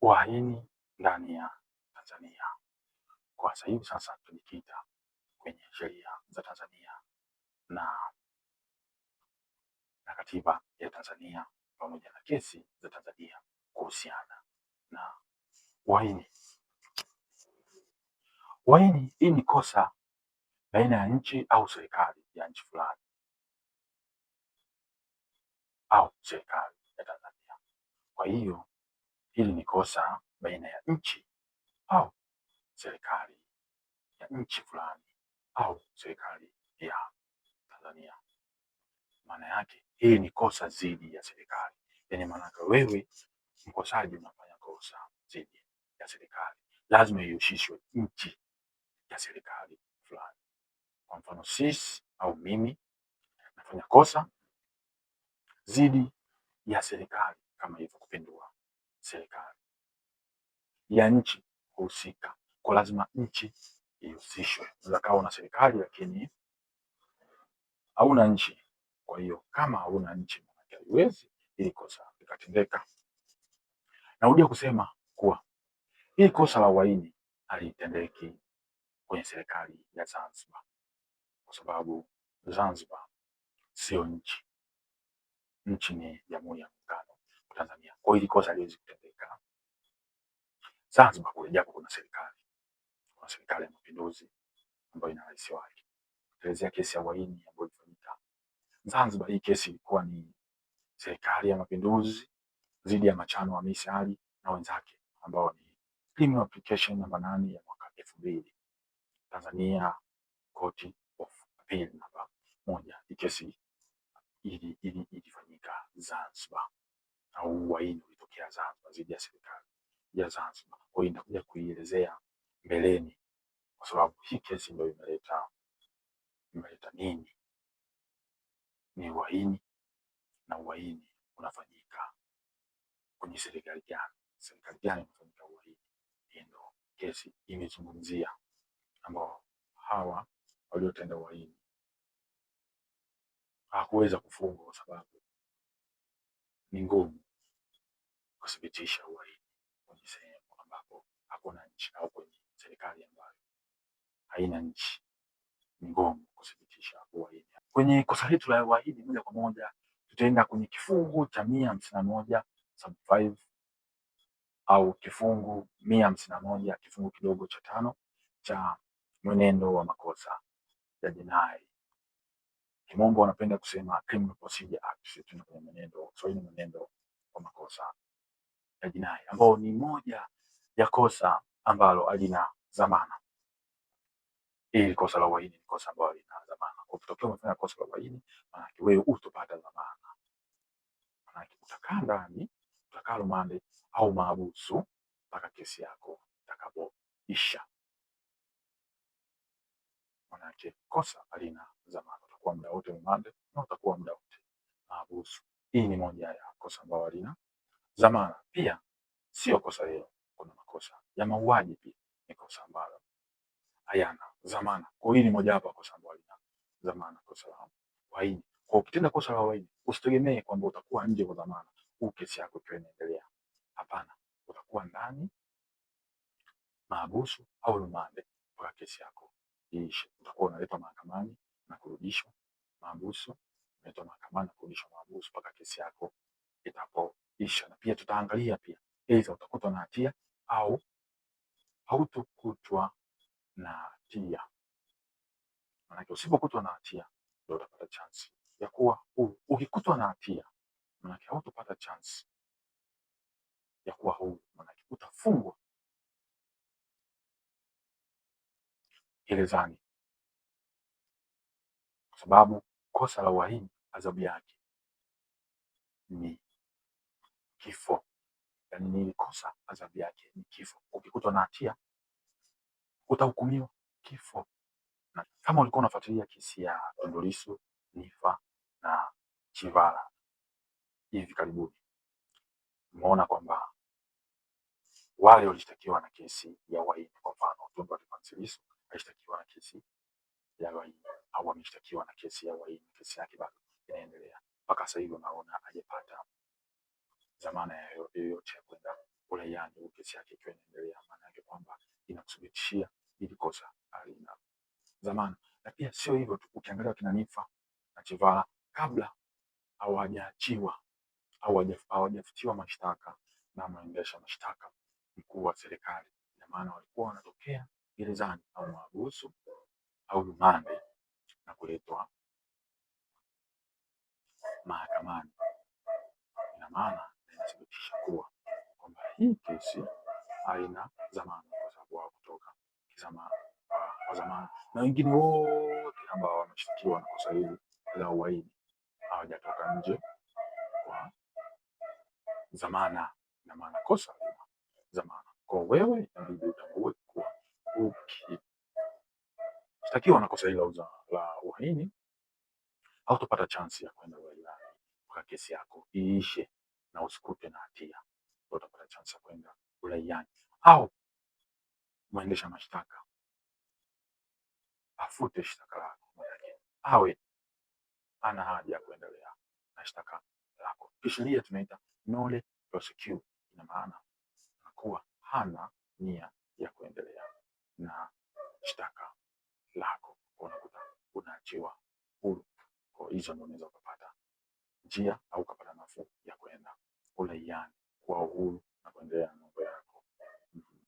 uhaini ndani ya Tanzania. Kwa sasa hivi sasa tumejikita kwenye sheria za Tanzania na na katiba ya Tanzania pamoja na kesi za Tanzania kuhusiana na uhaini. Uhaini hii ni kosa baina ya nchi au serikali ya nchi fulani au serikali ya Tanzania. Kwa hiyo Hili ni kosa baina ya nchi au serikali ya nchi fulani au serikali ya Tanzania. Maana yake hii ni kosa dhidi ya serikali, yaani maanake wewe mkosaji unafanya kosa dhidi ya serikali, lazima ihusishwe nchi ya serikali fulani. Kwa mfano sisi au mimi nafanya kosa dhidi ya serikali kama hivyo kupindua serikali ya nchi husika, kwa lazima nchi ihusishwe. kawa una serikali lakini hauna nchi. Kwa hiyo kama hauna nchi, maanake haiwezi ili kosa likatendeka. Narudia kusema kuwa hii kosa la uhaini halitendeki kwenye serikali ya Zanzibar kwa sababu Zanzibar sio nchi. Nchi ni Jamhuri ya Tanzania. Kwa hiyo kosa liwezi kutendeka. Zanzibar kule japo kuna serikali. Kuna serikali ya mapinduzi ambayo ina rais wake. Tuelezea kesi ya Waini ambayo ilifanyika Zanzibar. Hii kesi ilikuwa ni serikali ya mapinduzi dhidi ya Machano Hamisi Ali na wenzake ambao ni Primo application namba nane ya mwaka elfu mbili Tanzania Court of Appeal namba moja. Hii kesi ilifanyika Zanzibar na uhaini ulitokea Zanzibar dhidi ya serikali ya Zanzibar. Kwa hiyo nitakuja kuielezea mbeleni, kwa sababu hii kesi ndio imeleta imeleta nini, ni uhaini na uhaini unafanyika kwenye serikali gani, serikali gani inafanyika uhaini. Hii ndio kesi imezungumzia, ambao hawa waliotenda uhaini hakuweza kufungwa kwa sababu ni ngumu kuthibitisha uhaini kwenye sehemu ambapo hakuna nchi au kwenye serikali ambayo haina nchi, ni ngumu kuthibitisha uhaini. Kwenye kosa letu la uhaini, moja kwa moja tutaenda kwenye kifungu cha mia hamsini na moja sub 5 au kifungu mia hamsini na moja kifungu kidogo cha tano cha mwenendo wa makosa ya jinai. Kimombo wanapenda kusema Criminal Procedure Act, sio tuna kwenye mwenendo, Kiswahili mwenendo wa makosa ya jinai ambao ni moja ya kosa ambalo alina dhamana. Hili kosa la uhaini ni kosa ambalo alina dhamana. Kwa kutokea umefanya kosa la uhaini, maana wewe utopata dhamana, maana utakaa ndani, utakaa rumande au mahabusu mpaka kesi yako itakapoisha. Maanake kosa alina dhamana, utakuwa muda wote rumande na utakuwa muda wote mahabusu. Hii ni moja ya kosa ambalo alina zamana pia sio kosa hilo. Kuna makosa ya mauaji pia ni kosa ambalo hayana zamana. Kwa hiyo ni moja hapo kosa ambalo lina dhamana, kosa la uhaini. Kwa ukitenda kosa la uhaini usitegemee kwamba utakuwa nje kwa dhamana, huu kesi yako ikiwa inaendelea. Hapana, utakuwa ndani mahabusu au rumande mpaka kesi yako iishe. Utakuwa unaletwa mahakamani na kurudishwa mahabusu. tutaangalia pia, aidha utakutwa na hatia au hautokutwa na hatia. Manake usipokutwa na hatia ndio utapata chansi ya kuwa Ukikutwa na hatia, manake hautopata chansi ya kuwa huu manake utafungwa gerezani, kwa sababu kosa la uhaini adhabu yake ni kifo. Yani nilikosa, adhabu yake ni kifo. Ukikutwa na hatia utahukumiwa kifo. Na kama ulikuwa unafuatilia kesi ya Tundu Lissu, Nifa na Chivala hivi karibuni, umeona kwamba wale walishtakiwa na kesi ya uhaini. Kwa mfano, Tundu Antipas Lissu alishtakiwa na kesi ya uhaini au ameshtakiwa na kesi ya uhaini, kesi yake bado inaendelea mpaka sasa hivi, unaona zamana yoyote ya kwenda uraiani huku kesi yake ikiwa inaendelea, maana yake kwamba inakusubitishia ili kosa alina zamana. Na pia sio hivyo tu, ukiangalia kina Nifa na Chevara kabla hawajaachiwa au hawajafutiwa mashtaka na mwendesha mashtaka mkuu wa serikali, ina maana walikuwa wanatokea gerezani au mahabusu au rumande na kuletwa mahakamani. Ina maana kuhakikisha kuwa kwamba hii kesi haina dhamana kwa sababu wao kutoka ah, kwa zamani na wengine wote ambao wameshtakiwa na kosa hili la uhaini hawajatoka nje kwa zamana, na maana kosa la zamana. Kwa wewe inabidi utambue kuwa ukishtakiwa na kosa hili la uhaini hautopata chansi ya kwenda uhaini, mpaka kesi yako iishe na usikute na hatia, utapata chance ya kwenda uraiani au mwendesha mashtaka afute shtaka lako mwenyewe, awe ana haja ya kuendelea na shtaka lako. Kisheria tunaita nolle prosequi, ina maana kuwa hana nia ya kuendelea na shtaka lako, unakuta unaachiwa huru. Kwa hizo ndio unaweza ukapata njia au ukapata nafuu ya kuenda ulaia kwa uhuru na kwa njia ya amani.